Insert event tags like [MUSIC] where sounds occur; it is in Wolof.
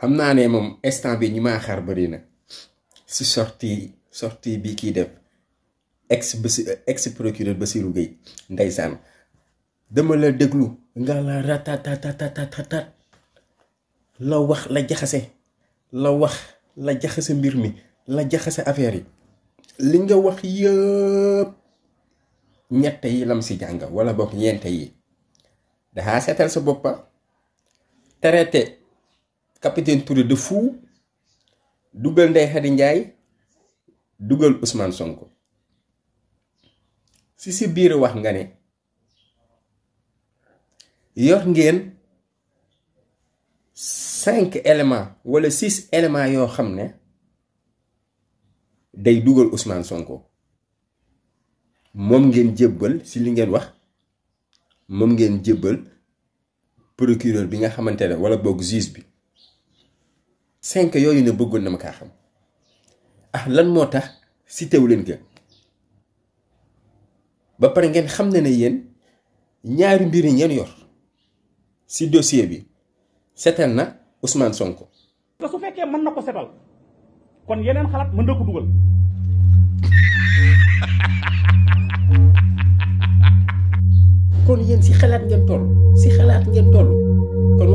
xam naa ne moom instant bi ñu maa xaar bëri na si sortie sortie bi kii def ex basi ex procureur Bassirou Gueye ndeysaan dama la déglu nga la ratatatatat la wax la jaxase la wax la jaxase mbir mi la jaxase affaire yi li nga wax yëpp ñette yi lam si jàng wala boog ñeente yi daxaa seetal sa boppa traité capitaine Touré de fou dugal Ndeye Khady Ndiaye dugal Ousmane Sonko si si biir wax nga ne yor ngeen cinq éléments wala six éléments yoo xam ne day dugal Ousmane Sonko moom ngeen jébbal si li ngeen wax moom ngeen jébbal procureur bi nga xamante ne wala boog juge bi cinq yooyu ne bëggoon na ma kaa xam ah lan moo tax si teew leen ga ba pare ngeen xam ne ne yéen ñaari mbir yi ngeen yor si dossier bi setal na Ousmane Sonko. te su fekkee mën na ko setal kon yeneen xalaat mën na ko dugal. [LAUGHS] kon yéen si xalaat ngeen toll si xalaat ngeen toll kon.